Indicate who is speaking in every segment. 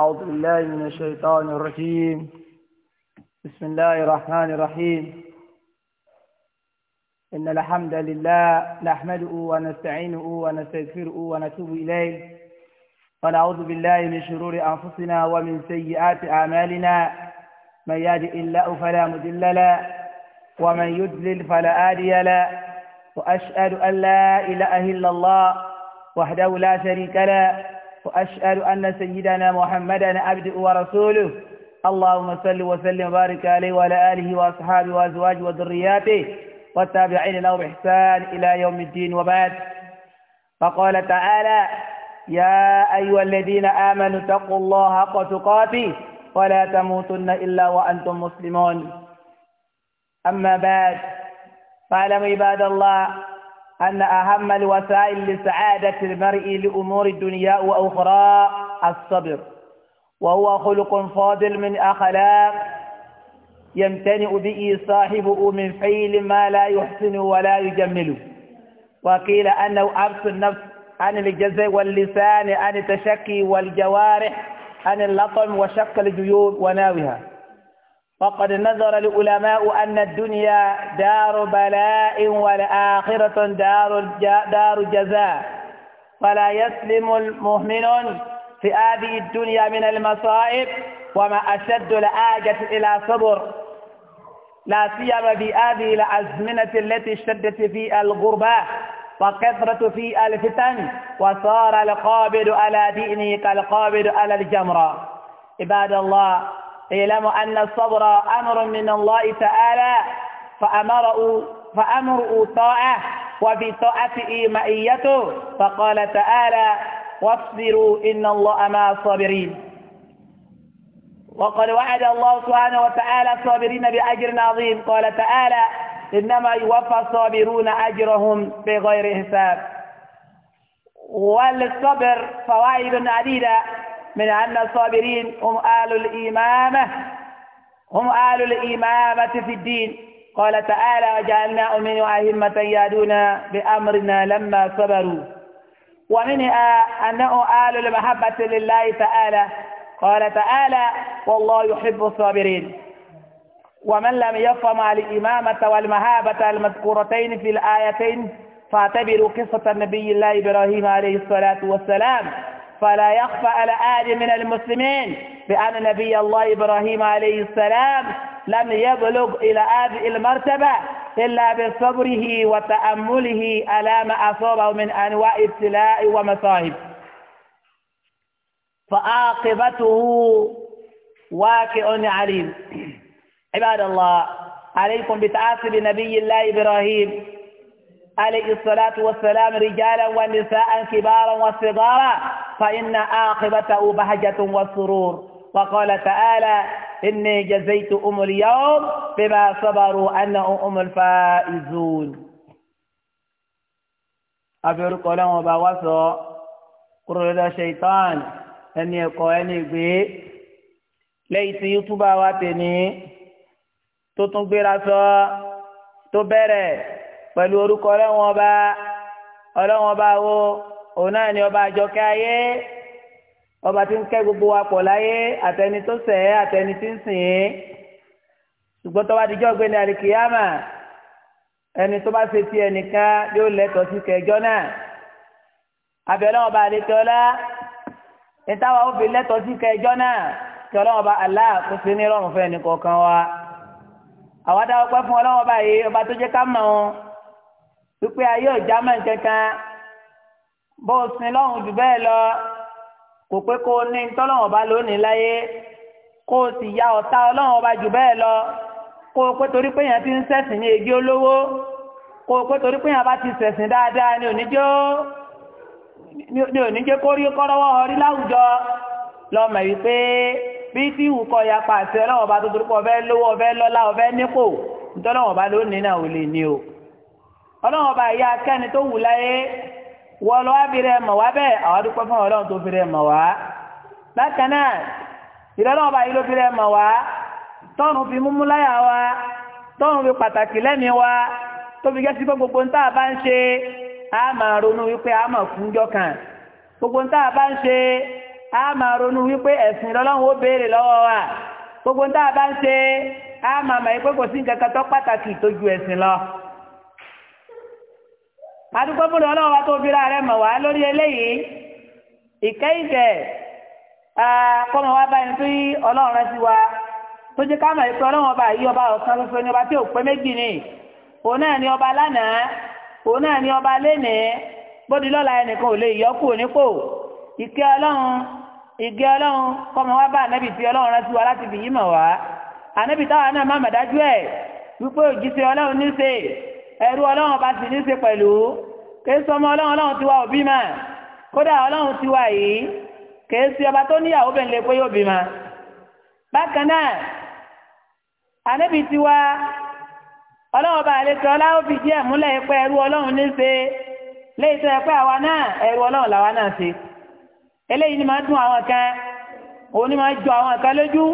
Speaker 1: أعوذ بالله من الشيطان الرجيم بسم الله الرحمن الرحيم إن الحمد لله نحمده ونستعينه ونستغفره ونتوب إليه ونعوذ بالله من شرور أنفسنا ومن سيئات أعمالنا من يهد الله فلا مضل له ومن يضلل فلا هادي له وأشهد أن لا إله إلا الله وحده لا شريك له وأشهد أن سيدنا محمدا عبد ورسوله اللهم صل وسلم وبارك عليه وعلى آله وأصحابه وأزواجه وذرياته والتابعين له بإحسان إلى يوم الدين وبعد فقال تعالى يا أيها الذين آمنوا اتقوا الله حق تقاته ولا تموتن إلا وأنتم مسلمون أما بعد فاعلموا عباد الله أن أهم الوسائل لسعادة المرء لأمور الدنيا وأخرى الصبر وهو خلق فاضل من أخلاق يمتنع به صاحبه من فعل ما لا يحسن ولا يجمله وقيل أنه أبس النفس عن الجزء واللسان عن التشكي والجوارح عن اللطم وشق الجيوب وناوها وقد نظر العلماء أن الدنيا دار بلاء والآخرة دار دار جزاء فلا يسلم المؤمن في هذه الدنيا من المصائب وما أشد الحاجة إلى صبر لا سيما في هذه الأزمنة التي اشتدت فيها الغربة وكثرة فيها الفتن وصار القابض على دينه كالقابض على الجمرة عباد الله اعلموا أن الصبر أمر من الله تعالى فأمره فأمره طاعة وفي طاعته مئيته فقال تعالى واصبروا إن الله مع الصابرين وقد وعد الله سبحانه وتعالى الصابرين بأجر عظيم قال تعالى إنما يوفى الصابرون أجرهم بغير حساب وللصبر فوائد عديدة من أن الصابرين هم آل الإمامة هم آل الإمامة في الدين قال تعالى وجعلنا من أئمة يهدون بأمرنا لما صبروا ومنها أنه آل المحبة لله تعالى قال تعالى والله يحب الصابرين ومن لم يفهم الإمامة والمهابة المذكورتين في الآيتين فاعتبروا قصة نبي الله إبراهيم عليه الصلاة والسلام فلا يخفى على أحد من المسلمين بأن نبي الله إبراهيم عليه السلام لم يبلغ إلى هذه المرتبة إلا بصبره وتأمله على ما أصابه من أنواع ابتلاء ومصائب فعاقبته واقع عليم عباد الله عليكم بتعاصي نبي الله إبراهيم عليه الصلاة والسلام رجالا ونساء كبارا وصغارا فإن آخبته بهجة وسرور وقال تعالى إني جزيت أم اليوم بما صبروا أنهم أم الفائزون أبير قولهم وبواسو قرر لدى الشيطان أن يقويني بي ليس يتباواتني تتنبير سو تبرر pẹ̀lú orúkọ ọlọ́wọ́n ọba ọlọ́wọ́n ọba wo òun náà ni ọba àjọkẹ́ ayé ọba tí ń kẹ́ gbogbo wa pọ̀ láyé àtẹni tó ṣẹ̀ ẹ́ àtẹni tí ń sìn ín ṣùgbọ́n tó bá di jọ́ gbẹ́ni àríkìyàmà ẹni tó bá ṣe ti ẹnìkan yóò lẹ́tọ̀ọ́ sí kẹjọ́ náà àbẹ̀lẹ́ ọba àlejò ọlá ìtawà ó fi lẹ́tọ̀ọ́ sí kẹjọ́ náà kí ọlọ́wọ́n bá Allah kó sí ní rọrùn fún ẹnì kọ̀ọ̀kan wa àwọn adáwọ̀ pẹ́ fún ọlọ́wọ́n báyìí ọba tó jẹ́ ká mọ̀ ọ́n wípé ayé ọ̀já mọ̀ kankan bó o sin lọ́hùn jù bẹ́ẹ̀ lọ kò pé kó o ní tọ́lọ́wọ̀n bá lónìí láyé kó o sì ya ọ̀tá ọlọ́wọ̀n bá jù bẹ́ẹ̀ lọ kó o pé torí pé yẹn ti ń ṣẹ̀sìn ní egi olówó kó o pé torí pé yẹn bá ti ṣẹ̀sìn dáadáa ní oníjó ní oníjó kó kọ́rọ́wọ́ rí láwùjọ lọ́mọ wípé bí tí ìwù kọ́ ya pàṣẹ ọlọ́wọ̀n bá tó torí pé ọ̀fẹ́ lówó ọ̀fẹ́ lọ́lá ọ̀fẹ́ nípò ntọ́lọ́wọ̀n bá lónìí náà ò lè ní o ọlọ́run ọba ìyá akẹ́ni tó wù láyé wọ lọ wá fi rẹ mọ̀ wá bẹ́ẹ̀ àwọn adúpẹ́ fún ọlọ́run tó fi rẹ mọ̀ wá bákan náà ìrọ̀lọ́run ọba yìí ló fi rẹ mọ̀ wá tọ́run fi múmú láyà wa tọ́run fi pàtàkì lẹ́mìí wa tó fi jẹ́ sí pé gbogbo nta bá ń ṣe á máa ronú wípé á máa fún jọ kàn gbogbo nta bá ń ṣe á máa ronú wípé ẹ̀sìn lọ́lọ́run ó béèrè lọ́wọ́ wa gbogbo nta bá ń ṣe á máa mọ̀ wípé kò sí nǹkan kan tó pàtàkì tó ẹ̀sìn lọ. adúgbò fúnra ọlọ́run wa tó fira rẹ mọ̀ wá lórí eléyìí ike kọ́mọ wa báyìí tó yí ọlọ́run rẹ sí wa tó jẹ́ káàmà ọba yìí ọba ọ̀sán fẹ́ ní ọba tí ò pé méjì ni òun náà ni ọba lánàá òun náà ni ọba lénìí bóde lọ́la ẹnìkan ò lè yọ nípò ìkẹ́ ọlọ́run ìgẹ́ ọlọ́run kọ́mọ wa bá ànábì rẹ sí wa láti mọ̀ wá ànábì táwa náà má ẹ̀ wípé ẹ̀rú ọlọ́run bá ti ní ṣe pẹ̀lú kéésì ọmọ ọlọ́run ọlọ́run ti wá òbí mà kódà ọlọ́run ti wá yìí kéésì ọba tó níyàwó bẹ̀ ń lè pé yóò bí mà. bákan náà ànábì ti wá ọlọ́run bá àlejò ọláwó fi jẹ́ ìmúlẹ̀ pé ẹ̀rú ọlọ́run ní ṣe léyìí tó yẹ pé àwa náà ẹ̀rú ọlọ́run làwa náà ṣe eléyìí ni máa dún àwọn kan òun ni máa jọ àwọn kan lójú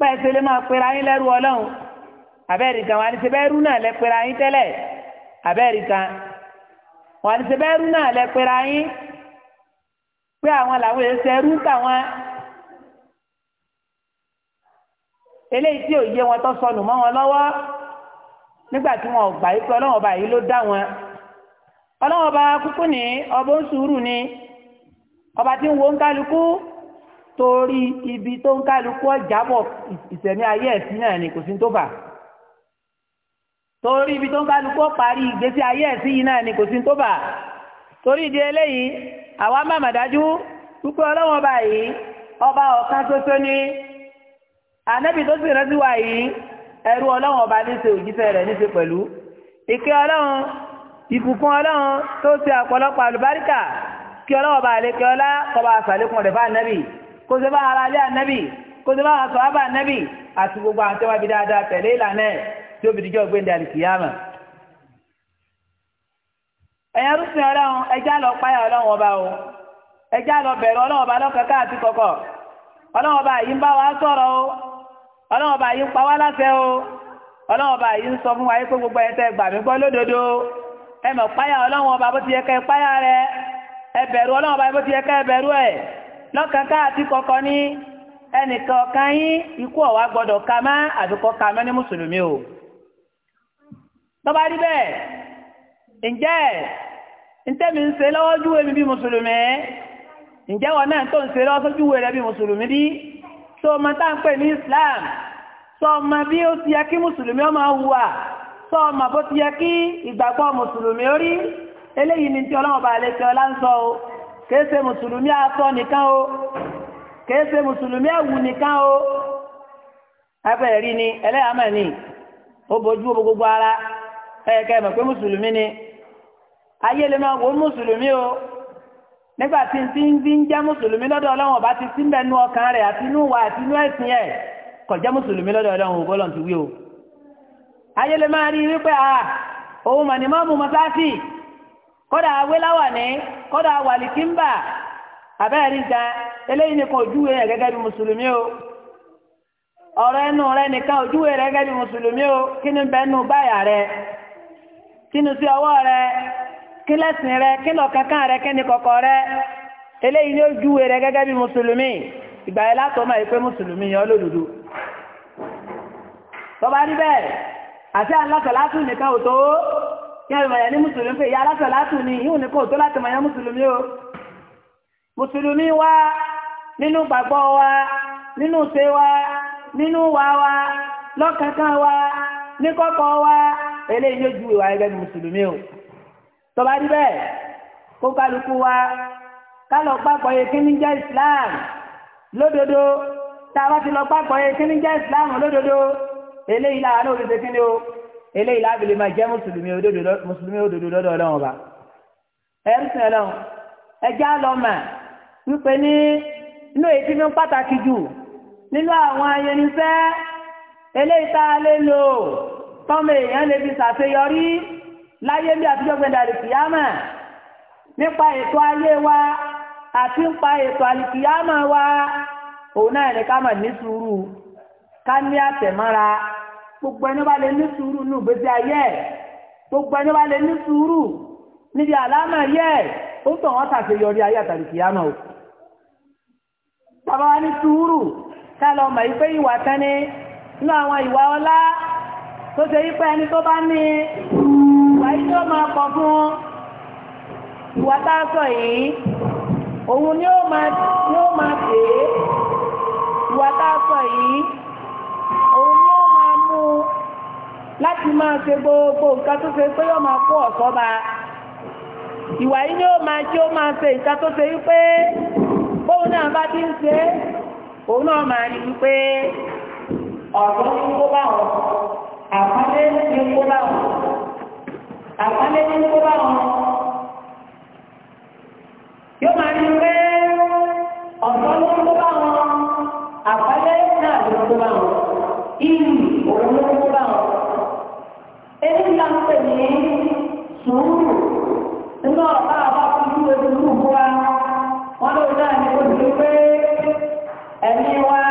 Speaker 1: pẹ́ẹ́sẹ̀ lè máa pera yín lẹ́rú ọlọ́run àbẹ́rẹ́ ìgbà wa ni ṣe bẹ́ẹ̀ rú náà lẹ́ pera yín tẹ́lẹ̀ abẹ́rẹ́ kan wọn àti sẹ́bẹ́rú náà lẹ pera yín pé àwọn làwọn èsì ẹrú táwọn eléyìí tí ò yé wọn tó sọnù mọ́ wọn lọ́wọ́ nígbà tí wọn ò gbà yìí pé ọlọ́wọ́n ọba yìí ló dá wọn ọlọ́wọ́n ọba kúkú ní ọbọ̀ ń sùúrù ni ọba tí ń wo ń kálukú torí ibi tó ń kálukú ọjà bọ̀ ìsẹ̀mí ayé ẹ̀sìn náà ni kò sí tó fà torí ibi tó ń kálukú parí ìgbésí ayé ẹ̀ sí yìí náà ni kò sí tó bà torí ìdí eléyìí àwa má mà dájú wípé ọlọ́wọ́n báyìí ọba ọ̀kan ṣoṣo ni ànábì tó sì rántí wa yìí ẹrú ọlọ́wọ́n ọba ní ṣe òjíṣẹ́ rẹ̀ ní ṣe pẹ̀lú ìkẹ́ ọlọ́run ìbùkún ọlọ́run tó ṣe àpọ̀lọpọ̀ àlùbáríkà kí ọlọ́wọ́n bá lè kí ọlá kọba àṣàlékún rẹ̀ bá ànábì kó ṣe bá ara lé ànábì kó ṣe bá àwọn sọ̀rọ̀ bá ànábì àti gbogbo àwọn tẹ́wàá bí dáadáa tẹ̀lé ìlànà ẹ̀ tí ó fi dijọ́ gbẹ̀ndẹ̀ àlìkìyàmà. ẹ̀yin arúgbìn ọlọ́run ẹja o ẹja lọ bẹ̀rẹ̀ ọlọ́run ọba lọ́kàn káàtì kọ̀kọ̀ ọlọ́run ọba yìí ń bá wa sọ̀rọ̀ o ọlọ́run ọba yìí pa wá láṣẹ o ọlọ́run ọba yìí ń wa gbogbo ti ẹnìkan yín ikú ọ̀wá gbọ́dọ̀ má àdúkọ́ ní mùsùlùmí o. tọ́ba rí bẹ́ẹ̀ ǹjẹ́ ntẹ́mi ń ṣe lọ́wọ́ júwe mi bí mùsùlùmí ǹjẹ́ wọn náà tó ń ṣe lọ́wọ́ júwe bí mùsùlùmí bí tó o máa tán pè ní Islam tó o máa bí ó ti yẹ kí mùsùlùmí ó máa hùwà tó o máa bó ti yẹ kí ìgbàgbọ́ mùsùlùmí ó rí eléyìí ni tí ọlọ́run bá lè tẹ ọlá ń sọ o kìí ṣe mùsùlùmí aṣọ nìkan o kìí ṣe mùsùlùmí ẹ̀wù nìkan o abẹ́rẹ́ rí ni ẹlẹ́yàmẹ̀ ni ó bojú gbogbo ara ẹ̀ka ẹ̀mọ̀ pé mùsùlùmí ni ayé lè máa wo mùsùlùmí o nígbà tí ti ń bí ń jẹ́ mùsùlùmí lọ́dọ̀ ọlọ́run ọba ti sí mẹ́nu ọkàn rẹ̀ àti inú wa àti inú ẹ̀sìn ẹ̀ jẹ́ mùsùlùmí lọ́dọ̀ ọlọ́run ti wí o ayé lè máa rí wípé a òun mà ní mú ní eléyìí gẹ́gẹ́ bí mùsùlùmí o ọ̀rọ̀ ẹnu nìkan gẹ́gẹ́ bí mùsùlùmí o bẹ́ẹ̀ nù báyà kínú sí ọwọ́ rẹ kí lẹ́sìn rẹ kí lọ kankan rẹ kí ni kọ̀kọ̀ rẹ eléyìí ni ó júwe rẹ gẹ́gẹ́ bí mùsùlùmí ìgbà yẹn látọ̀ máa yẹ pé mùsùlùmí yẹn olódodo tọ́ba rí bẹ́ẹ̀ àti alásọ̀látù nìkan ò tó kí ẹ̀rọ mọ̀yà ní mùsùlùmí pé ìyá alásọ̀látù ni yíò ní kò tó láti mọ̀yà mùsùlùmí o mùsùlùmí wa nínú gbàgbọ́ wa nínú ṣe wa nínú wa wa lọ́kankan wa níkọ̀kọ̀ wa ele yóò ju ìwà ẹgbẹ́ ní mùsùlùmí o tọ́ba rí bẹ́ẹ̀ kó kálukú wa kálọ̀ gbàgbọ́ yẹ Islam. ní jẹ́ Islam lódodo tá a bá ti lọ gbàgbọ́ yẹ kí ní jẹ́ Islam lódodo o làwọn náà ò lè ṣe kí ni o eléyìí láàbì lè máa jẹ́ mùsùlùmí òdodo lọ́dọ̀ ọlọ́run ọba ẹ̀rù sìn ọlọ́run ẹjẹ́ àlọ́mà wípé ní inú èyí ní pàtàkì jù nínú àwọn ayẹnisẹ́ eléyìí tá a lè lò tọ́mọ èèyàn lè fi ṣàṣeyọrí láyé bí àtijọ́ gbẹ̀dẹ̀ àlìkìyámà nípa ètò ayé wa àti nípa ètò alikiyama wa òun náà ní ká mà ní sùúrù ká ní àtẹ̀mọ́ra gbogbo ẹni bá lè ní sùúrù nù gbèsè ayé ẹ̀ gbogbo ẹni bá lè ní sùúrù níbi ayé o. wa ní sùúrù tó ṣe yípa ẹni tó bá ní ìwà tí ó fún ìwà yìí òun ni ó ma pè é ìwà yìí òun ni ó ma mú láti ma ṣe gbogbo nǹkan tó ṣe pé yóò ma kó ọ̀sọ́ bá ìwà yìí ni ó ma tí ó ma ṣe ìta tó ṣe wípé bóun náà bá ti ń ṣe òun náà máa rí wípé ọ̀sán àpálẹ́ ní kó bá wọn àpálẹ́ ní kó bá wọn yóò máa ní pé ọ̀sán ló kó bá wọn àpálẹ́ náà ló kó bá wọn ìlú òun ló kó bá wọn èyí là ń pè ní sùúrù nínú ọ̀pá àbá fojú ojú ìlú wa wọn ló dáa ní ojú pé ẹ̀mí wa.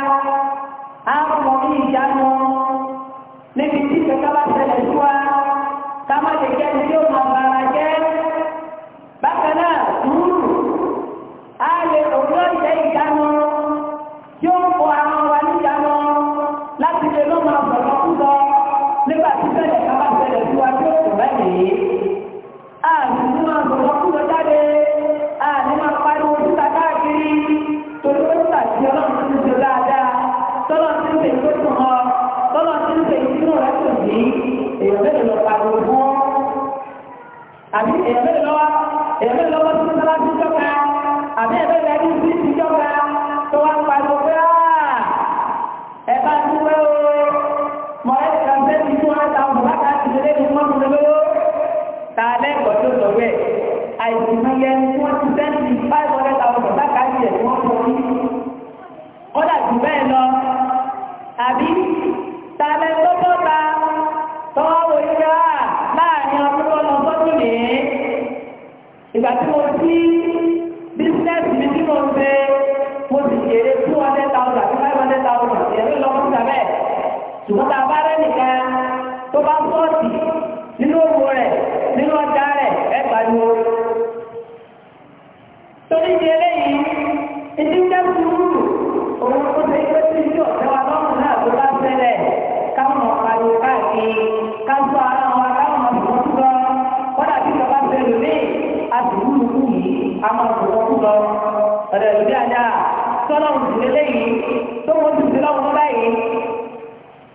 Speaker 1: a máa sọ̀rọ̀ lọ ọ̀rẹ́ òbí àdá sọ́nà òṣìṣẹ́ lẹ́yìn tó wọ́n ti ti lọ́wọ́ báyìí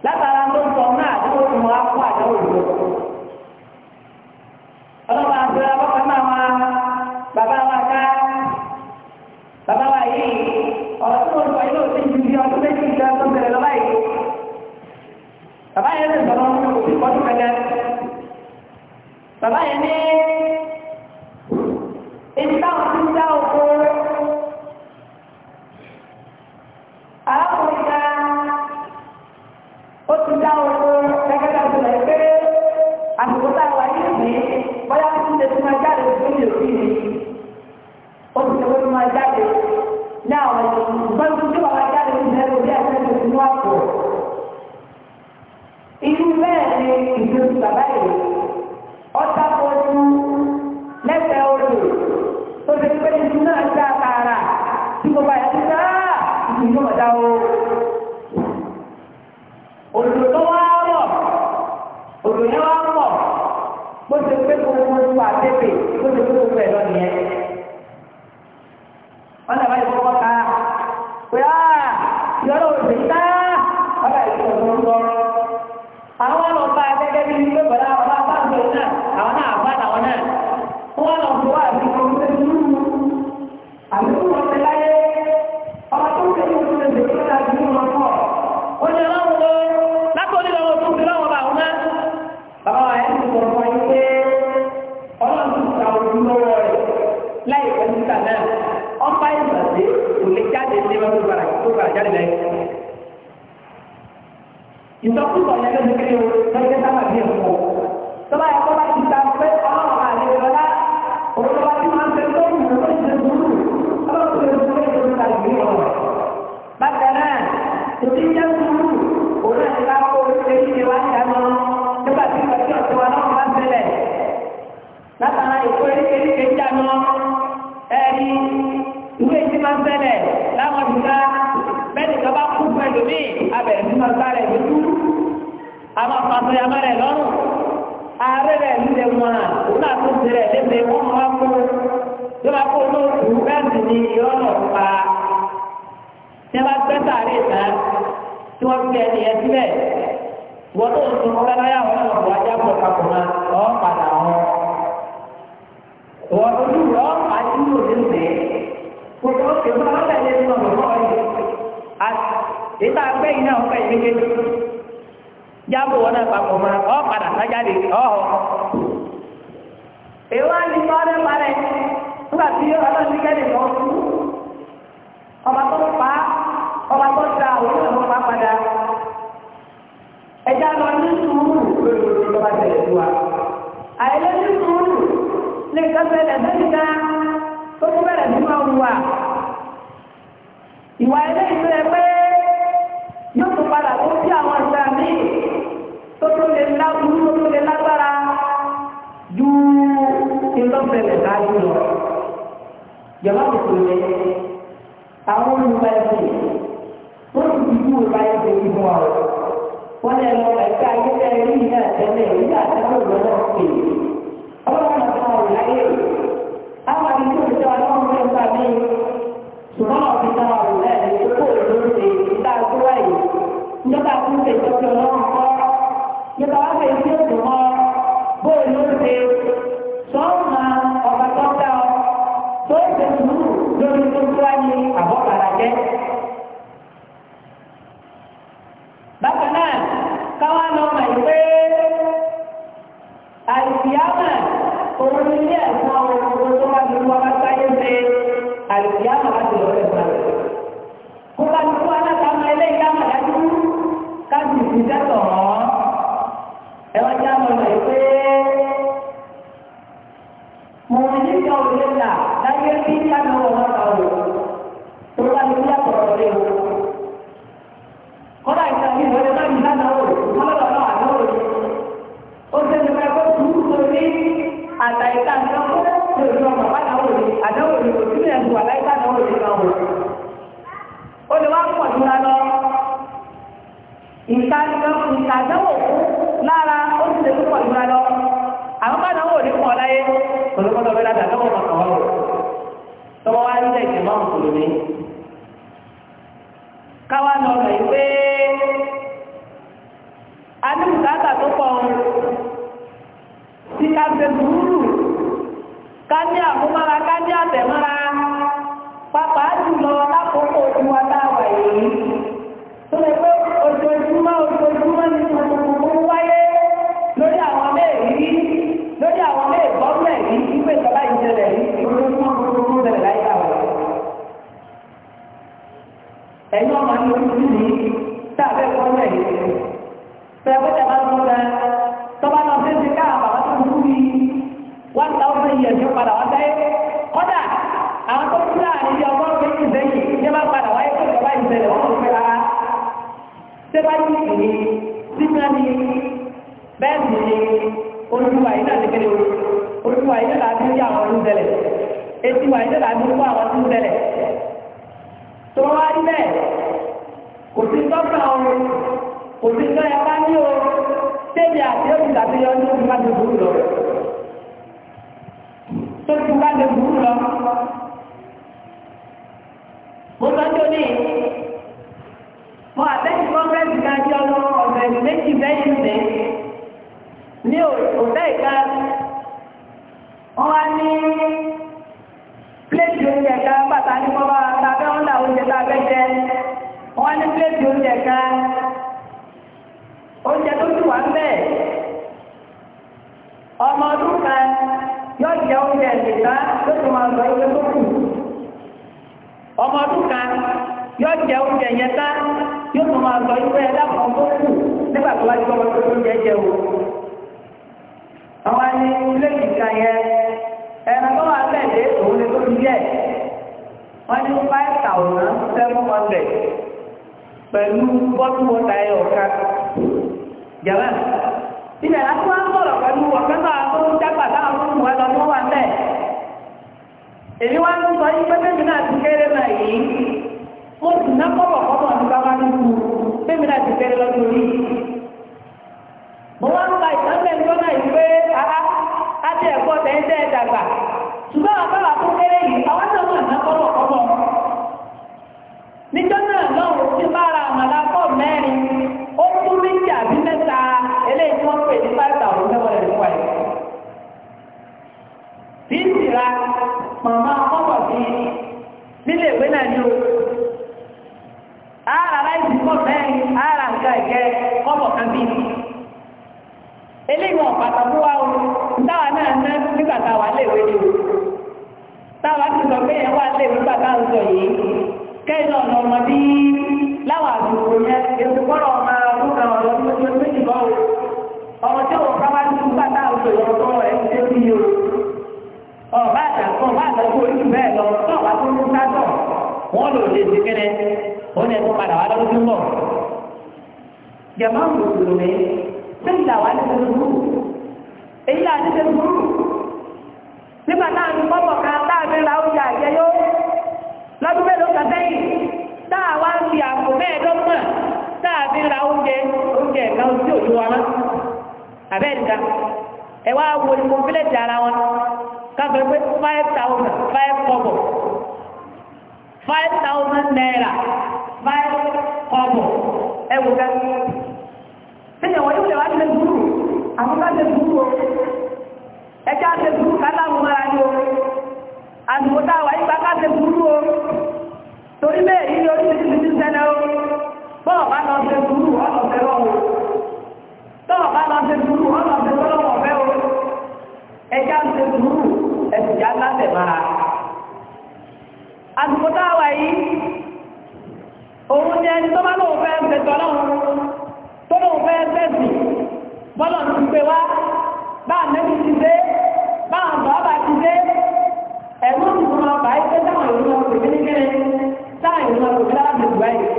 Speaker 1: látara tó sọ náà tó wọ́n á kó àdáwò lọ. ọkùnrin abẹ́rẹ́ lọ. ẹ̀yin ọmọ ní ojú ní tàbí ẹ̀kọ́ náà yìí tẹ̀lé pé tẹ̀lé tó tẹ̀ tọ́ba náà ṣe ń ṣe káà bàbá tó kú ní one thousand years ní padà wá sáyé kọ́dà àwọn tó kú láàrin iye ọgọ́rùn-ún méjì sẹ́yìn ní bá padà wáyé tó ìjọba ìṣẹ̀lẹ̀ wọ́n tó fẹ́ rárá sẹ́fà ní ìdílé sínú ní bẹ́ẹ̀ sì ni olúwa yìí náà ti kéde olúwa yìí náà ti ń yá àwọn ọdún yìí náà ti ń àwọn ọdún tó wá níbẹ̀ kò sí tọ́ka o kò sí tọ́ya bá ní o tẹ́lẹ̀ àti ẹ̀kú tàbí yọ ní ìgbà tó burú lọ tó ti bá lè burú lọ. mo sọ tó ní mo àtẹ́jú kọ́ńgẹ́sì kan jẹ́ ọlọ́wọ́ ọ̀bẹ̀ méjì bẹ́yìn bẹ́ẹ̀ ní òtẹ́ ìka wọ́n wá ní. pléètì oúnjẹ ká oúnjẹ tó ti wà ń bẹ̀ ọmọ ọdún kan yóò jẹ oúnjẹ ìdìbá tó ti máa lọ ilé tó kù ọmọ ọdún kan yóò jẹ oúnjẹ yẹn ká yóò tún máa lọ ilé ẹlẹ́kọ̀ọ́ tó kù nígbà tó wá ti gbọ́ tó oúnjẹ jẹ o. àwọn ẹni ilé ìka yẹn ẹ̀rọ tó wà bẹ̀ dé òun lè tó ti yẹ wọ́n ní five thousand seven hundred pẹ̀lú bọ́túwọ́tà ẹ̀ ọ̀ká yàrá ilẹ̀ láti wá ń sọ̀rọ̀ pẹ̀lú ọ̀kẹ́ta tó ń jágbà táwọn tó ń wá lọ tó wà bẹ́ẹ̀ èmi wá ń sọ yí pé bẹ́ẹ̀ náà ti kéré náà yìí mo sì ná kọ́bọ̀ kọ́bọ̀ ní bá wá ní kú bẹ́ẹ̀ náà ti kéré lọ́dún orí mo wá ń ka ìtọ́jú ẹjọ́ náà yìí ṣùgbọ́n àwọn tó kéré yìí àwọn náà wà ná kọ́bọ̀ kọ́bọ̀ tahu nggak boleh buat. nílé ìwé náà o. láìsí mẹ́rin, nǹkan kan bí. Eléyìí wọn bàtà fún o, táwa náà ná nígbà táwa léèwé ni o. Táwa ti sọ pé ẹ wá léèwé gbàgbà ń sọ yìí. Kẹ́yìn náà lọ mọ bí àdúgbò yẹn, èso
Speaker 2: ọba àtàkùn ọba àtàkùn orí jù bẹ́ẹ̀ lọ tọ́ọ̀bá tó ń sá tọ̀ wọ́n lò lè
Speaker 1: ṣe kẹ́rẹ́ ó ní ẹ̀kọ́ padà wá lọ́dún tó ń bọ̀. jẹ̀mọ́ ń lò lò èyí là nígbà náà ní pọ́pọ̀ kan láàbí lọ́dún mélòó kan sẹ́yìn wá ń fi àpò mẹ́ẹ̀ẹ́dọ́gbọ̀n fi ra oúnjẹ káfẹ́ pé five thousand five kobo. five thousand naira five kobo. ẹ wò ká ṣẹlẹ̀ wọ́n yóò lè wá ṣe dúró àwọn ká ṣe dúró ẹjá ṣe dúró kálá àwọn ọmọ ayé o àdúgbò tá a wà yípa ká ṣe dúró o torí bẹ́ẹ̀ yìí ni oríṣiríṣi ti ṣẹlẹ̀ o bọ́ọ̀ bá lọ ṣe dúró ọ̀nà ọ̀fẹ́ lọ́wọ́ tọ́ọ̀ bá lọ ṣe dúró ọ̀nà ọ̀fẹ́ lọ́wọ́ ọ̀fẹ́ o ẹjá ṣe dúró lábẹ̀ bára àsìkò tá a wà yìí òun ni ẹni tó bá lóun fẹ́ bẹ̀tọ̀ ọlọ́run tó lóun fẹ́ bẹ̀sì bọ́lọ̀ ti gbé wá bá àmẹ́bí ti dé bá àwọn bàbá ti dé ẹ̀rú ti fún ọba yìí pé táwọn ìlú wọn kò ní kéré táwọn ìlú wọn kò ní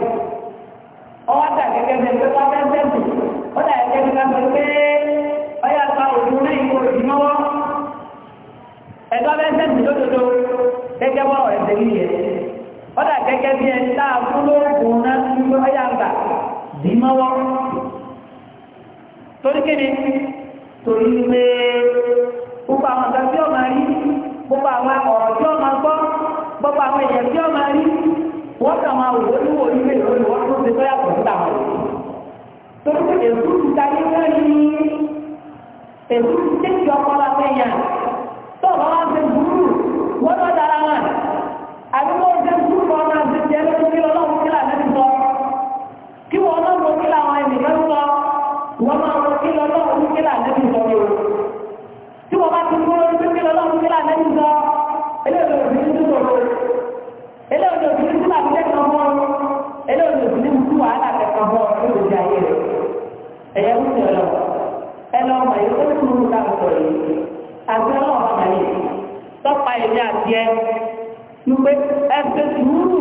Speaker 1: ẹ̀dọ́ bẹ́ẹ̀ sẹ́sì lódodo gẹ́gẹ́ bọ́ ọ̀rẹ́ tẹ̀lé yẹ ọ̀dà gẹ́gẹ́ bí ẹni tá a fún lóògùn náà ń gbé ọ̀yà gbà dì mọ́wọ́ torí kíni torí pé gbogbo àwọn ọ̀gá tí ó máa rí gbogbo àwọn ọ̀rọ̀ tí ó máa gbọ́ gbogbo àwọn èèyàn tí ó máa rí wọ́n kà máa tó bá wá ṣe sùúrù wọ́n tó dára wọn àbí wọ́n ṣe sùúrù wọn máa ṣe jẹ́ lórí kí ọlọ́run kí làwọn ẹni sọ kí wọ́n náà lọ kí làwọn ẹni lọ sọ wọ́n máa lọ kí ọlọ́run kí làwọn ẹni sọ yìí tí wọ́n bá ti kú lórí pé kí ọlọ́run ní sọ̀rọ̀ eléyìí ló jẹ́ wípé ẹgbẹ́ sùúrù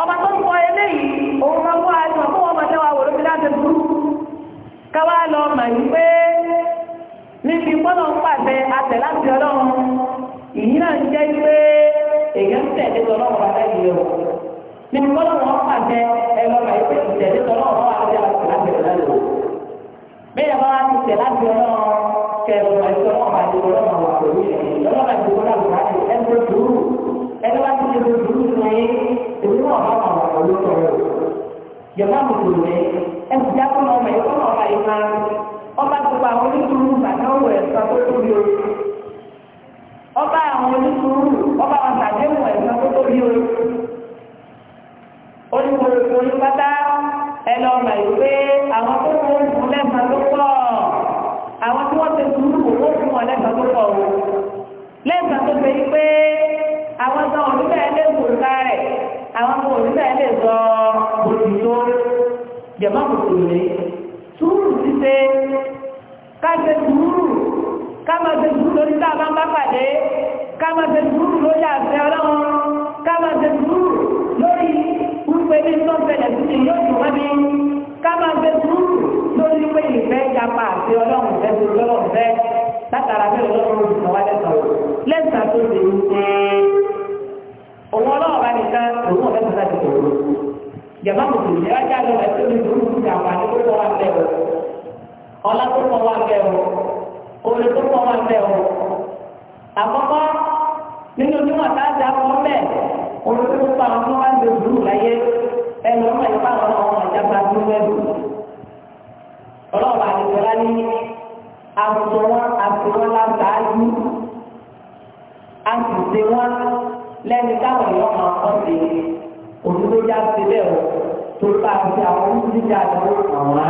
Speaker 1: ọmọ tó ń kọ eléyìí òun máa wá ẹni ọkọ wọn máa tẹwàá wò lóbi láti sùúrù káwá lọ mà wípé níbi gbọ́dọ̀ ń pàṣẹ àtẹ láti ọlọ́run ìyí náà ń jẹ́ wípé èèyàn tẹ̀lé ọlọ́run bàbá yìí o níbi gbọ́dọ̀ wọn pàṣẹ ẹ̀rọ mà wípé ìtẹ̀lé ọlọ́run bàbá yìí o láti ọlọ́run bẹ́ẹ̀ bá wá ti tẹ̀ láti ọlọ́run kẹrù ẹ̀sọ́ wọn bá ti wọlé wọn wà pẹ̀lú yẹn lọ́wọ́ bá ti wọlé àgbà ẹ̀ ẹ̀ ló dùrù ẹni bá ti ṣe ló dùrù ní èmi wọn bá wọn wà pẹ̀lú tọ̀rọ̀ yọ̀bá mi kò lẹ́ ẹ̀ ti dákọ́ náà ọmọ ẹ̀kọ́ náà ọba yìí máa ọba gbogbo àwọn oníkùrú bàtàwò ẹ̀sọ́ tó tóbi o ọba àwọn oníkùrú ọba wọn sàdéhùn ẹ̀sọ́ tó tóbi o oníkùrú onípátá ẹ̀ lọ́ọ́ mà yìí pé àwọn tó kọ́ àwọn tí wọ́n ti sùúrù owó fún wọn lẹ́gbàá tó pọ̀ o lẹ́gbàá tó ṣe pé àwọn tó òní bẹ́ẹ̀ lè wò sáré àwọn tó òní bẹ́ẹ̀ lè sọ òdìjó jẹ̀mọ́ kòkòrò rẹ̀ sùúrù ti ṣe ká ṣe sùúrù ká máa ṣe sùúrù lórí tá a bá ń bá pàdé ká máa ṣe sùúrù lórí àṣẹ ọlọ́run ká máa ṣe sùúrù lórí wípé ní sọ́ọ̀fẹ̀lẹ̀ tuntun yóò dùn wọ́n ká máa ṣe sùúrù nítorí pé ìfẹ́ yapa àti ọlọ́run fẹ́ ti ọlọ́run fẹ́ látara pé ọlọ́run ti sọ wá lẹ́sàn o lẹ́sàn tó ṣe ń ṣe òun ọlọ́run bá nìkan òun ọ̀fẹ́ tó sáà ti kò ló jàmbá mùsùlùmí ẹ wájú àlọ́ ẹ̀sìn mi tó ń fi àǹfààní tó pọ̀ wá bẹ́ o ọlá tó pọ̀ wá bẹ́ o omi tó pọ̀ wá bẹ́ o àkọ́kọ́ nínú tí wọ́n sáà ti àkọ́ mẹ́ òun tó pọ̀ àwọn tó wá ń ṣe wọ́n lẹ́ni táwọn èèyàn máa kọ́ sí òdúdójá ti bẹ́ẹ̀ o tó bá a ti àwọn oníṣẹ́ àdánwò àwọn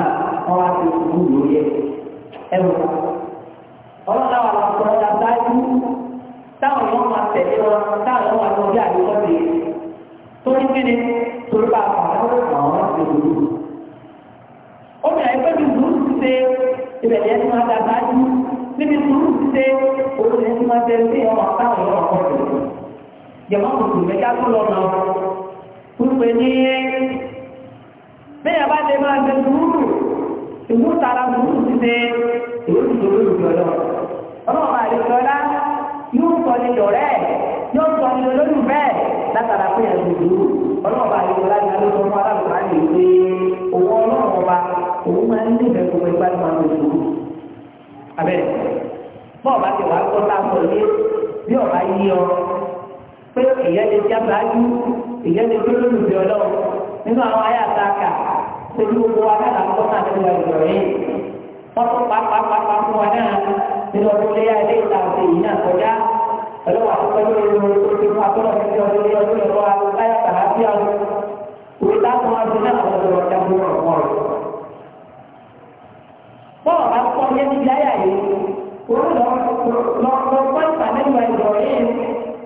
Speaker 1: àwọn àti òkú lórí ẹ̀ ẹ̀rù ọlọ́dà wà lọ́sọ̀ ọjà sáájú táwọn èèyàn máa tẹ̀lé wọn táwọn èèyàn máa lọ́jà àdúgbò sí torí kíni tó bá a pàdánwò àwọn àti òkú obìnrin pẹ̀lú ìdúró ti ṣe ìbẹ̀lẹ̀ ẹni máa dàgbà jù níbi ìdúró ti ṣe òun jẹ̀mọ́ kòtò mẹ́ta tó lọ náà púpẹ̀ ní bẹ́ẹ̀ bá lè máa gbẹ sùúrù ìwú tara sùúrù ti ṣe èyí ti ṣòro ìjọlọ ọlọ́pàá àlejòọlá yóò sọ ní lọ́rẹ́ yóò sọ ní olólùfẹ́ látara pé ẹ̀sùn sùúrù ọlọ́pàá àlejòọlá ní alóso fún alábùkà lè gbé owó ọlọ́pàá wa òun máa ń níbẹ̀
Speaker 2: gbogbo ìgbà tó máa ń lò sùúrù
Speaker 1: abẹ́rẹ́ bọ́ọ̀ bá ti wà á gbọ́ tá a sọ yé bí ọ̀ pé èyẹ lè jẹ́ báyú èyẹ lè dúró lùdì ọlọ́run nínú àwọn ayé àtàkà pẹ̀lú gbogbo akáta tó náà ti wà lùdọ̀ yìí wọ́n tún pàápàá fún wa náà nínú ọdún léyà ilé ìta òde yìí náà kọjá ọlọ́wà tó pẹ̀lú ìlú oṣù fún akọ́nà tó ti ọdún léyà ọdún ẹ̀kọ́ ayé àtàkà sí ọdún òwe táwọn ọdún náà wọ́n lọ jágbó ọ̀pọ̀ rẹ̀. bọ́ọ̀ bá kọ́ yẹ́ ti di ayà yìí òun lọ lọ lọ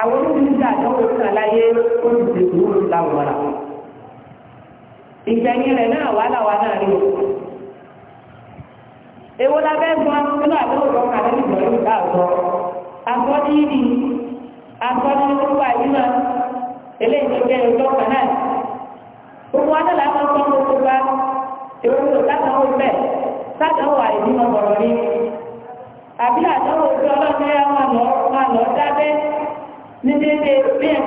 Speaker 1: àwọn onídìríjà àdánwò kan láyé olugbe sùúrù làwọn ọ̀la ìgbẹ̀yìn rẹ̀ náà wà wa náà rí o èwo la fẹ́ gbọ́ nínú àdánwò kan kàdé nìgbà yóò dá àgbọ̀ àgbọ̀ ní ìdí àgbọ̀ ní orúkọ eléyìí tó náà gbogbo wa náà èwo ló ní déédéé bí ẹ̀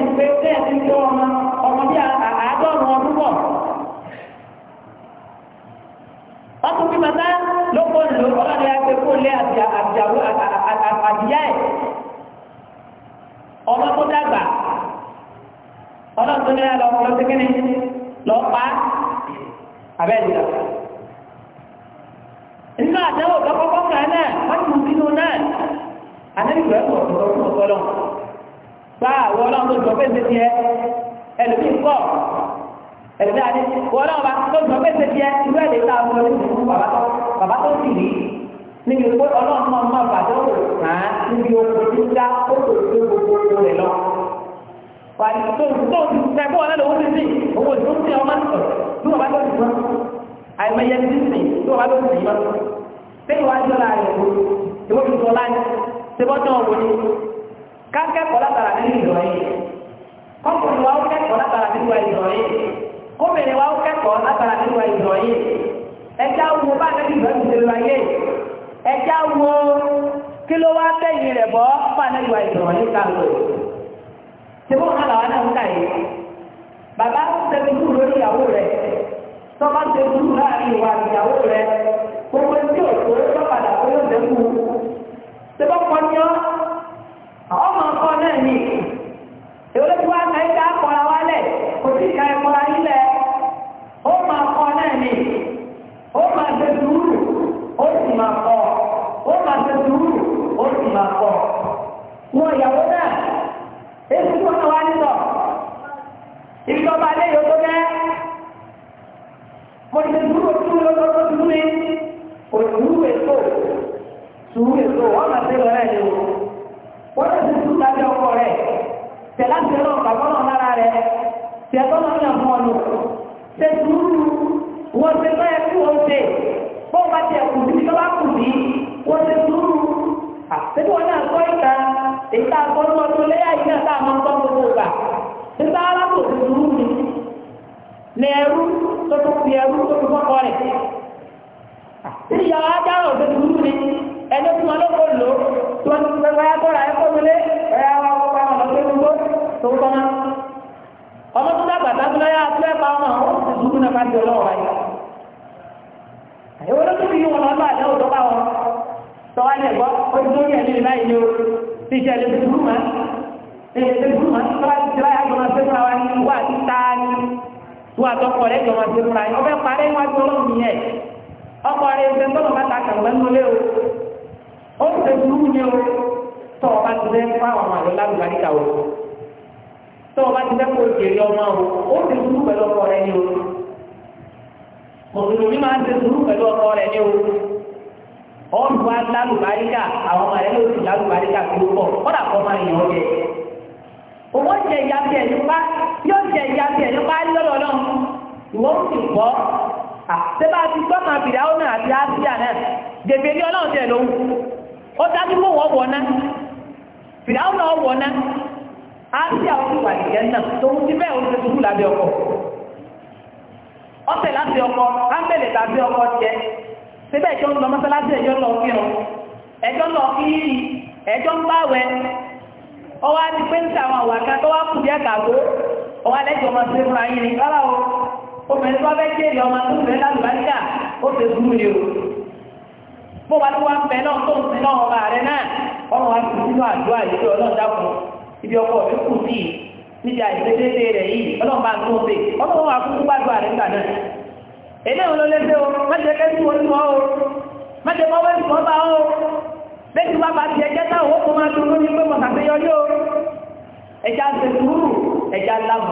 Speaker 1: níbi oko dídá ó lò sí gbogbo owó rẹ̀ lọ. wà ní tó tó ṣe kó wọn lọ owó títí owó tó ń sin ọmọ nìkan tí wọn bá lọ sí wọn àìmọye títí tí wọn bá lọ sí wọn. sẹ́yìn wá jọra rẹ̀ kó ìwé fi sọ láyé ṣe bọ́ tán wọ ni kákẹ́kọ̀ọ́ látara nínú ìrọ̀ yìí kọ́kùnrin wa ó kẹ́kọ̀ọ́ látara nínú ìrọ̀ yìí kóbìnrin wa ó kẹ́kọ̀ọ́ látara nínú ìrọ̀ yìí ẹja wo bá nẹ́bí ìrọ̀ ti ṣe lọ ayé ẹja wo kí ló wá tẹ̀yìn rẹ̀ bọ́ fànẹ́lùwà ìbọ̀wọ̀ ní káàkó tí wọ́n hàn àwọn náà ń kà yìí bàbá tẹ̀sí kú lórí ìyàwó rẹ̀ tọ́ba tẹ̀sí kú láàrin ìwà ìyàwó rẹ̀ gbogbo tí ò tó tọ́ba tó àtọkọ rẹ jọ máa ṣe múra yẹn ọbẹ̀ parẹ́ wájú ọlọ́run yẹn ọkọ rẹ ṣe ń tọ́lọ̀ bàtà kàwé ńlọ́lẹ́ o ó ń ṣe sùúrù ní o tọ́ ọba ti fẹ́ fún àwọn àlọ́ lágbàdìkà o tọ́ ọba ti fẹ́ kó jèrè ọmọ o ó ṣe sùúrù pẹ̀lú ọkọ rẹ ni o mùsùlùmí máa ń ṣe sùúrù pẹ̀lú ọkọ rẹ ní o ọ̀nùwà lálùbáríkà àwọn ọmọ rẹ ló ti lálùbáríkà tó pọ̀ kọ́dà kọ́ máa yàn ọ́ jẹ òwò jẹ ìyá bí ẹ̀yọ́ pa yóò jẹ ìyá bí ẹ̀yọ́ pa lọ́dọ̀ náà ìwọ ń sì gbọ́ àtẹ́bá ti gbọ́ máa bìrì àwọn náà àti àṣìyà náà gbèbè ní ọlọ́run tẹ̀ lóhùn ó dájú mọ́ wọ́n wọ̀ ná bìrì àwọn náà wọ̀ ná ó ti wà nìyẹn náà tòun ti bẹ́ẹ̀ ó ti lábẹ́ ọkọ̀ láti ọkọ̀ ámbẹ̀lẹ̀ tàbí ọkọ̀ ẹjọ́ ń lọ mọ́sálásí ẹjọ́ lọ ẹjọ́ lọ kí ọwọ́ á ti pé ń ta àwọn àwọn àká tó wá kù díẹ̀ kàtó ọwọ́ alẹ́jọ́ ọmọ sí fúnra yín ni rárá o obìnrin tó fẹ́ jèrè ọmọ tó fẹ́ lálùbáríkà ó ti sùn ní o bó wa ló wá ń bẹ náà tó ń sin náà ọba rẹ náà ọmọ wa ti sínú àdúrà yìí tó ọlọ́ọ̀dá kù ibi ọkọ̀ mi kù sí níbi àìsédédé rẹ̀ yìí ọlọ́ọ̀ bá ń tó ń bè ọlọ́ọ̀ wa kúkú gbàdúrà rẹ̀ nígbà náà èdè òun ló lé o mẹ́jẹ kẹ́sì wọn ní wọn o mẹ́jẹ mọ́wé ní wọn o bẹ́ẹ̀ ni wọn bá tiẹ̀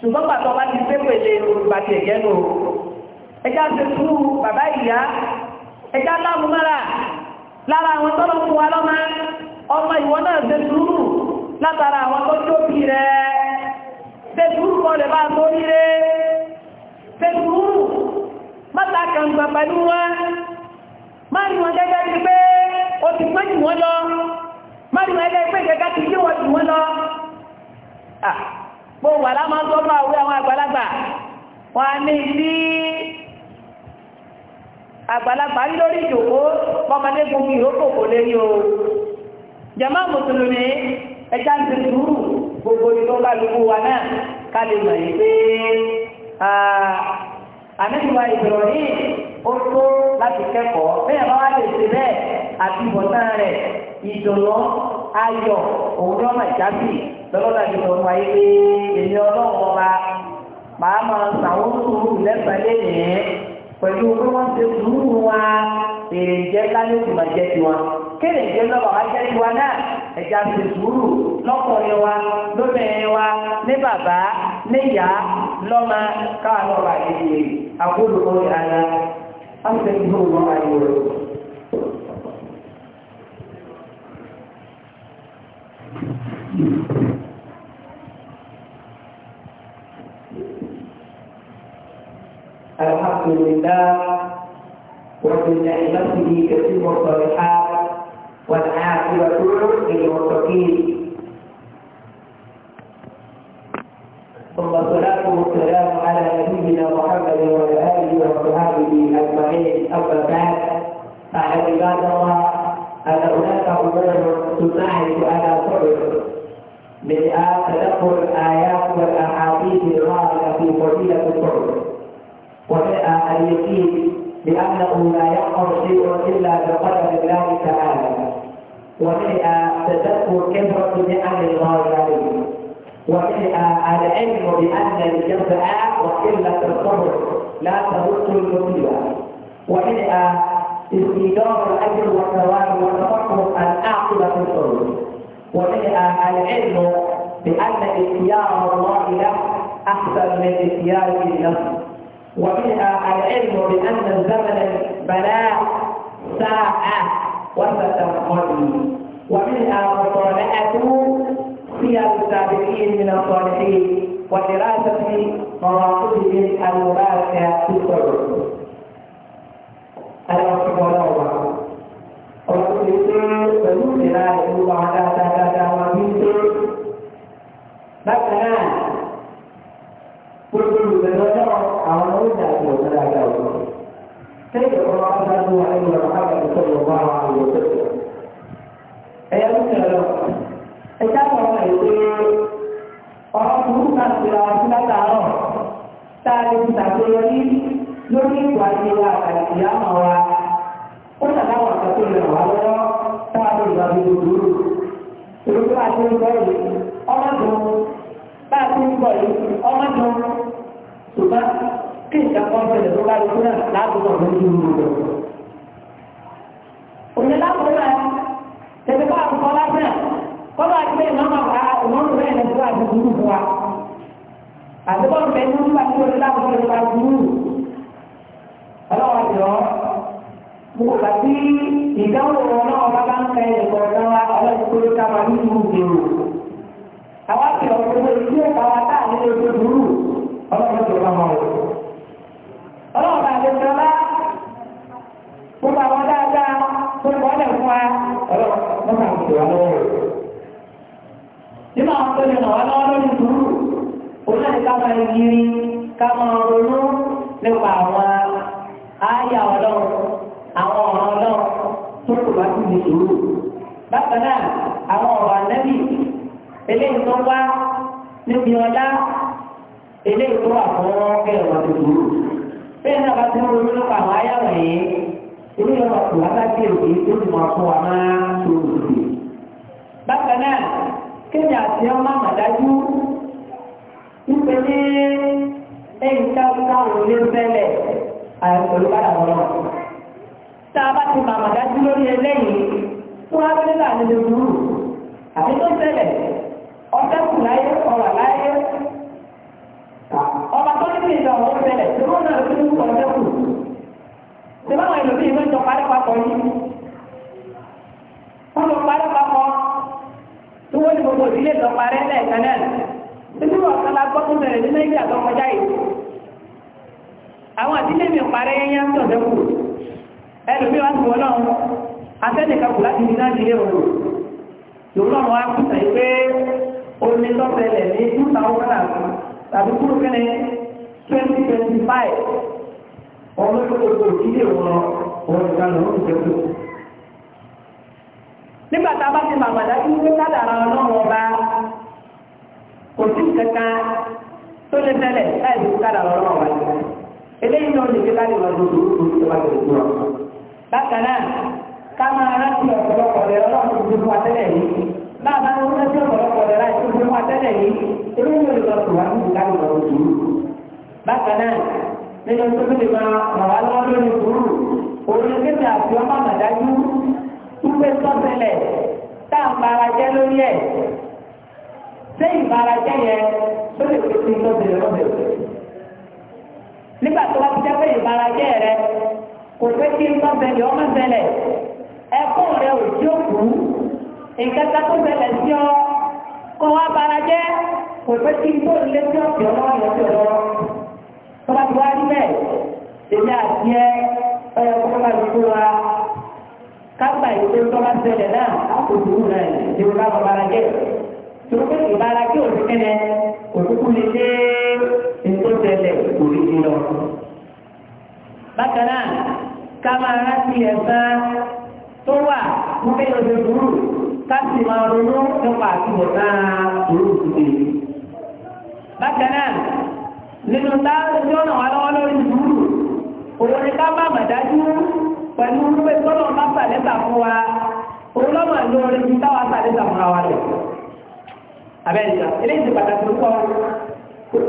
Speaker 1: ṣùgbọ́n bàtọ̀ bá ti pé pèlè yorùbá ti ẹ̀jẹ̀ nù ẹjá ti tú bàbá ìyá ẹjá láàmú mára lára àwọn tọ́lọ́ fún wa lọ́mọ ọmọ ìwọ náà ṣe sùúrù látara àwọn tó tóbi rẹ̀ ṣe sùúrù kọ́ lè bá a tó nílé ṣe sùúrù mọ́ta kàǹgbà pẹ̀lú wọn má ní wọn gẹ́gẹ́ bí pé o ti pẹ́ jù wọ́n lọ má wọn gẹ́gẹ́ pé gẹ́gẹ́ ti yé wọn jù wọ́n lọ mo wà láwọn tó bá wí àwọn àgbàlagbà wọn á ní sí àgbàlagbà lórí ìjòkó bọ́mọdé gbogbo ìrókò kò lè yí o jàmá mùsùlùmí ẹja ń ti sùúrù gbogbo ìtọ́ bá lùkú wa náà ká lè mọ̀ yìí pé àmẹ́sìwá ìbẹ̀rọ̀ yìí ó tó láti kẹ́kọ̀ọ́ bẹ́ẹ̀ bá wá lè ṣe bẹ́ẹ̀ àti ìbọ̀tán rẹ̀ ìdùnnú ayọ̀ òun lọ́mọ ìjábì lọ́wọ́ náà ti sọ fún ayé pé èmi ọlọ́run ọba màá máa sàwọn sùúrù lẹ́sàn lẹ́yìn pẹ̀lú pé wọ́n ti sùúrù wa èrè jẹ́ lálẹ́ òsì máa jẹ́ tiwọn kéde jẹ́ lọ́wọ́ wa jẹ́ tiwọn náà ẹ̀já ti sùúrù lọ́kùnrin wa lóbìnrin wa ní bàbá ní ìyá lọ́mọ káwọn ọba àdéhìí àkóso orí ara wọ́n ti ń gbóòrò
Speaker 2: ayé rẹ̀. Thank you.
Speaker 1: الحمد لله نعمته تتم الصالحات والعاقبة للمتقين ثم الصلاة والسلام على نبينا محمد وعلى آله وصحبه أجمعين أما بعد فعلى عباد الله أن هناك أمور تساعد على صبر من تدبر الآيات والأحاديث الرائعة في فضيلة الصبر وفئة اليقين بأنه لا يحصل شيء إلا بقدر الله تعالى وفئة تذكر كثرة نعم الله عليه ومنها العلم بأن الجزاء وقلة الصبر لا ترد المصيبة وفئة استدار الأجر والثواب وتفقه الأعقبة في الصبر وفئة العلم بأن اختيار الله له أحسن من اختياره لنفسه ومنها العلم بأن الزمن بلاء ساعة وستمضي ومنها مطالعة سير السابقين من الصالحين ودراسة مواقفهم المباركة في السر ألا أحب ولا أبالي وكل سر فلوس لا يقول على ذلك ومن سر بكنا gbogbo olùgbẹ̀dọ̀ náà àwọn ó dà sí ọ̀gá dáadáa ọ̀gá. Sẹ́yìn ọ̀gá wa bá lọ wà nínú ọ̀gá àgbàdo tó lọ bá wa lọ tó lọ. ló tẹ̀ lọ. Ẹ dábọ̀ ọmọ ìwé ọ̀rọ̀ burúkú náà ti ra wọn sí látàárọ̀. Tá a lè ṣàṣeyọrí lórí ìlú ayé wa àti ìyáàmọ̀ wa. Ó ṣàdáwọ̀ àkàtó rẹ̀ wá lọ́wọ́ tá a lè gbàgbé bá a ti ń bọ̀ yìí ọmọ tó ṣùgbọ́n kí ìjàpọ̀ ọ̀sẹ̀ tó bá lóko náà láàbùkọ̀ lójú rẹ̀. òní láàbùkọ̀ náà tẹ̀sí bá àbùkọ̀ lásìkò kọ́lá àti bẹ́ẹ̀ náà máa bá ìmọ̀ràn rẹ̀ lẹ́sìn wá àti burú fún wa. àbíkọ̀ rẹ̀ ní wọ́n bá ti wọlé ń kẹ́ ẹ̀kọ́ ọ̀dọ́ ọlọ́dún tó ká máa ní ìgbèrò àwọn àti ọ̀rọ̀ gbogbo ìlú ẹ̀ka wa tá àlejò tó burú ọlọ́run tó bá wọn o. ọlọ́run bá lè sọ bá gbogbo àwọn dáadáa tó ń wọlé fún wa ọlọ́run mọ́ta ń tò wá lọ́wọ́ o. nínú àwọn tó lè ràn wá lọ́wọ́ lórí burú òun náà ní ká máa yiri ká máa ronú nípa àwọn ààyè ọlọ́run àwọn ọ̀ràn ọlọ́run tó kò bá tún ní sùúrù. bákan náà àwọn ọ̀rọ̀ ànẹ́bì eléyìí tó wá níbi ọlá eléyìí tó wà fún ẹ̀rọ tuntun bẹ́ẹ̀ náà bá ti ń ronú nípa àwọn ayáwọ̀ yìí ilé ìwà kò wá láti èdè tó ti máa fún wa máa tó òkè. bákan náà kéde àti ọmọ àmàdájú wípé ní ẹ̀yìn káwíká òun lé bẹ́lẹ̀ àìsàn padà wọ́n. tá a bá ti máa àmàdájú lórí eléyìí fún abẹ́lẹ́ àlejò dúró àbí tó ṣẹlẹ̀ ọ̀tẹ́kù láyé ọ̀rọ̀ láyé
Speaker 2: ọba tó ní ìjọ àwọn ọ̀sẹ̀lẹ̀ tí wọ́n náà lórí ìwọ̀n ọ̀tẹ́kù
Speaker 1: tí wọ́n àwọn ìlòmí ìwé ìjọ parí papọ̀ yìí wọ́n lọ parí papọ̀ tí wọ́n ní gbogbo ìdílé ìjọ parí lẹ́ẹ̀kan náà títí wọ́n kan la gbọ́ tó bẹ̀rẹ̀ ní nàìjíríà tó kọjá yìí àwọn ìdílé mi parí yẹn yẹn tó ọ̀tẹ́kù ẹlòmí wa ti wọ́n náà afẹ́nìkan kù láti ní náà omi lọ́sẹ̀lẹ̀ ní two thousand tàbí kúrò kẹ́ni twenty twenty five ọmọ ìgbòho ìdílé wọn ọmọ ìgbàlọ́ ọmọ ìjẹ́kù. nígbà tá a bá ti màmàdá kí wọ́n ká dàrá ọlọ́run ọba kò sí kankan tó lè tẹ́lẹ̀ láì lè ká dàrá ọlọ́run ọba yìí. eléyìí náà lè fi láti lọ lóṣù tó ti wá lóṣù wọn. bákan náà ká máa rántí ọ̀pọ̀lọpọ̀ rẹ̀ ọlọ́run tó ti fún wa yìí láàbá ní wọ́n ti ọ̀pọ̀lọpọ̀ rẹ̀ láti fún wa tẹ́lẹ̀ yìí torí wọ́n lè lọ sùn wá níbi káyọ̀ lọ́wọ́ sùúrù. bákan náà nínú tó fi lè máa ràn wá lọ́wọ́ lórí sùúrù òun ni kéde àti ọmọ àmàdájú wípé sọ́sẹ̀lẹ̀ tá à ń bara jẹ́ lórí ẹ̀ ṣé ìbara jẹ́ yẹn
Speaker 2: tó lè pèsè ìtọ́sẹ̀lẹ̀ lọ́bẹ̀
Speaker 1: nígbà tó bá ti jẹ́ pé ìbara jẹ́ rẹ kò pé kí ìtọ́sẹ̀lẹ̀ ọmọ sẹlẹ̀ ẹ̀kọ́ rẹ ò tí ó kú nǹkan kan tó bẹ̀rẹ̀ sí ọ kó wá bara jẹ́ kò pé kí n tó lé sí ọ̀sẹ̀ ọlọ́run ọ̀sẹ̀ ọlọ́run tó bá ti wá rí bẹ́ẹ̀ èmi àti ẹ ọyọ kó bá ti kó wa kápá ìwé tó bá ṣẹlẹ̀ náà àkókò náà ìdíwọ́ bá bọ̀ bara jẹ́ tó pé ìbára kí òfin kẹ́nẹ́ òkúkú lè dé ètò tẹ̀lẹ̀ òrìṣì lọ. bákan náà ká máa rántí ẹ̀sán tó wà fún bẹ́ẹ̀ lọ́sẹ̀ káàsì máa ronú nípa àtúbọ̀tá òru òkùnkùn. bákan náà nínú táwọn tí ó nà wá lọ́wọ́ lórí ìdúró òun ni ká má màdájú pẹ̀lú pé tọ́lọ̀ bá sàlẹ́sà fún wa òun lọ́mọ ìlú orin ju táwa sàlẹ́sà fúnra wa lọ. àbẹ́ẹ̀dìgbà eléyìí ti pàtàkì lóko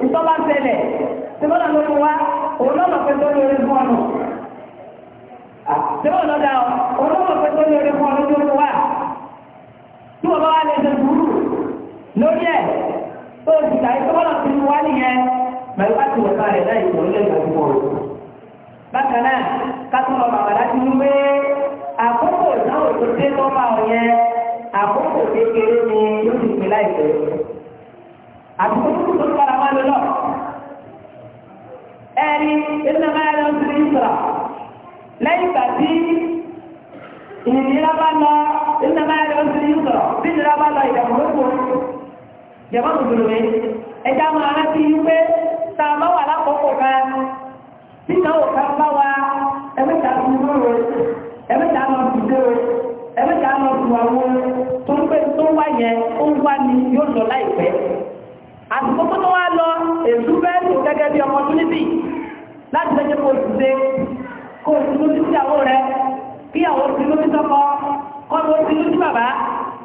Speaker 1: ìtọ́ bá ṣẹlẹ̀ tí bọ́lá ló fún wa òun lọ́mọ pé tó lórí fún ọ̀nà.
Speaker 2: tí bọ́lá lọ́dà òun lọ́mọ pé
Speaker 1: tó lórí fún ọ̀nà tó fún wa tí wọ́n bá wá lè ṣe sùúrù lórí ẹ̀ tó o sì tàbí tọ́lá ti mú wá nìyẹn pẹ̀lú láti wọ̀ sáré náà ìṣòro lè gbàgbọ́ rẹ̀. bákan náà kásìmọ̀ bàbá láti ní pé àkókò náà tó dé tó máa wọ̀ yẹn àkókò kékeré ni yóò ti pè láìpẹ́. àtúntò tó tó tó padà máa lọ lọ. ẹni ẹni máa lọ sí ìṣòro lẹ́yìn ìgbà tí ìnira bá lọ inna máa yọ sí yúdọ̀ bí ìlera bá lọ ìdààmú lóko jẹ̀mọ́ mùsùlùmí ẹja máa rántí wípé tá a bá wà lákòókò kan nígbà wò ká bá wa ẹ̀mẹ́ta ti lóore ẹ̀mẹ́ta lọ sí lóore ẹ̀mẹ́ta lọ sí àwọn tó ń pè tó wá yẹn ó ń wá ní yóò lọ láìpẹ́ àsìkò tó tó wá lọ èlú bẹ́ẹ̀ tó gẹ́gẹ́ bí ọmọ túnibì láti lẹ́jọ́ kó o sì ṣe kó o sì lóbi sí àwọn rẹ kí àwọn sì lóbi sọ́kọ́ wọ́n lọ sí lójú bàbá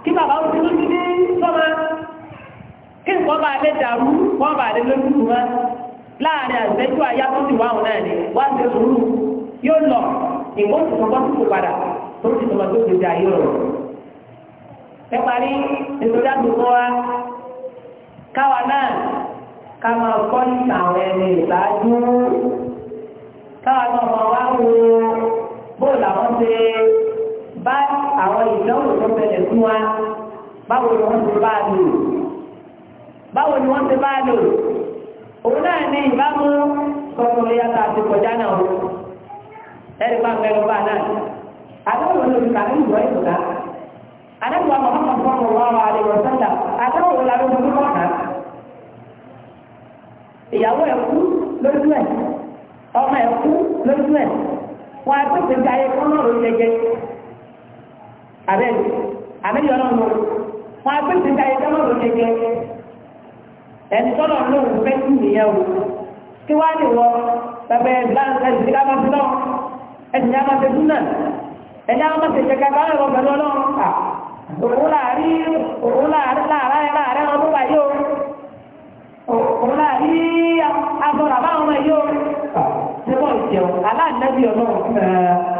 Speaker 1: kí bàbá ó sí lójú ní sọ́mọ kí nǹkan bá lè dàrú wọ́n bá lè lójú tù wọn láàrin àgbẹ̀jọ́ àyá tó ti wá òun náà ni wá ń ṣe sùúrù yóò lọ ìwọ́n ti sọ́kọ́ tó kò padà tó ti sọ́kọ́ tó ti dà yóò rọ̀. ẹ parí nítorí àgbẹ̀kọ́ wa káwa náà ká máa kọ́ ìta àwọn ẹni ìgbàájú káwa náà máa wá wo bóòlù àwọn ṣe bá àwọn ìdánwò tó bẹ̀rẹ̀ fún wa báwo ni wọ́n ti bá a lò báwo ni wọ́n ti bá a lò òun náà ní ìbámu kọkùnrin yàtọ̀ àti kọjá náà o ẹ̀rí bá mẹ́rin bá náà àdáwò ló ti kà ní ìwọ ìbùkà àdáwò àwọn ọmọ kan fún ọmọ wa àdéhùn sọ́tà àdáwò la ló ti kọ́ kà ìyàwó ẹ̀ kú lójú ẹ̀ ọmọ ẹ̀ kú lójú ẹ̀ wọn àti òkè ti ayé kọ́ náà ló ti abẹ́ abẹ́ yọ̀ náà lọ wọn ta ẹ̀jẹ̀ mọ́tò kẹ̀kẹ́ ẹni tọ́lọ̀ lóhùn fẹ́ sí ìyẹn o kí wàá lè wọ pẹpẹ gbáǹkà ìdílé ká máa fi náà ẹ̀sìn náà ẹ̀yà ọmọ tẹ̀sẹ̀ kẹta ẹ̀rọ pẹ̀lú ọlọ́run kà òun láàrí òun láàrí láàrá láàrá ọmọ bá yóò òun láàrí afọlàbá ọmọ yóò ṣé wọ́n jẹun aláàdínẹ́bí ọlọ́run kẹ́ẹ́.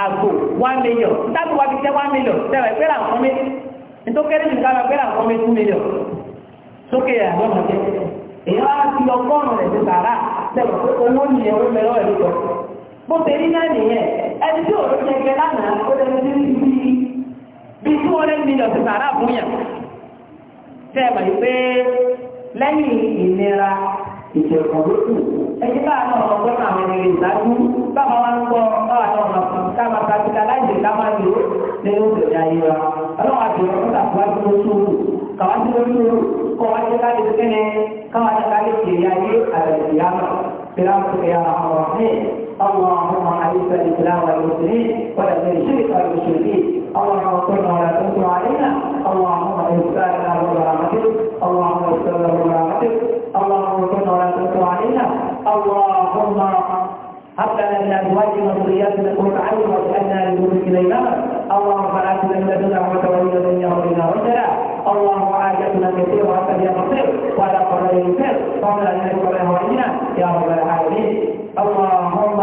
Speaker 1: àgbò one million tábù wa fi tẹ́ one million tẹ́wà ìpẹ́lá nǹkan mi tó kéré jù kára ìpẹ́lá nǹkan mi two million sókè àwọn ọmọdé èèyàn á fi ọgọ́rùn-ún rẹ̀ ti sàrà tẹ́wà pé owó nìyẹn ó mẹ́rọ ẹ̀ lọ bó ṣe rí náà nìyẹn ẹni tí òun jẹ jẹ lánàá ó lẹnu tí bí bí two hundred million ti sàrà fún yàn tẹ́wà ìpẹ́ lẹ́yìn ìnira ìṣẹ̀kùn ló kù. ẹni bá àwọn ọmọ gbọ́dọ̀ àwọn èrè ìdájú báwa wá ń gbọ́ báwa náà máa fún káwa kàkíkà láìsè ká máa lò ó lẹ́yìn òṣèlú ayé wa. ọlọ́run àti ọ̀rọ̀ kọ́ta fún wa tó sóòrò kàwá tó sóòrò kọ́ wá tó káyé kẹ́nẹ́ káwá tó káyé kéré ayé àbẹ̀tìyàmọ̀ fìlàmùsùn ìyá àwọn ọ̀rọ̀ اللهم عليك الإسلام والمسلمين ولا تشرك المشركين اللهم صل ولا تنصر علينا اللهم اغفر لنا برحمتك اللهم اغفر لنا برحمتك من ازواجنا وذرياتنا قرة اعين واجعلنا للمؤمن الينا الله فعاتنا من لدنك رحمه ومن لدنك ربنا رشدا اللهم عاجتنا كثيرا وحسن ولا قرر ينكر ومن ان يكبر هوائنا يا رب العالمين اللهم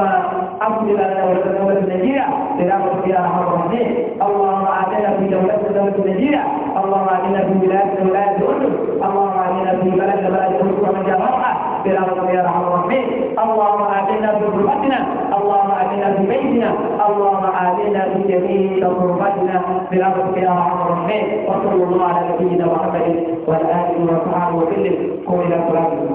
Speaker 1: اصلح لنا ولدولة النجية برحمتك يا حرب الراحمين اللهم اعطنا في دولتنا دولة النجية اللهم اعطنا في بلاد ولاية الاردن اللهم اعطنا في بلد بلد الاردن ومن جرحها برحمتك يا ارحم الراحمين اللهم اعطنا بحرمتنا اللهم اعطنا ببيتنا اللهم اعطنا بجميع غرفتنا برحمتك يا ارحم الراحمين وصلى الله على نبينا محمد وعلى اله وصحبه وسلم قوم الى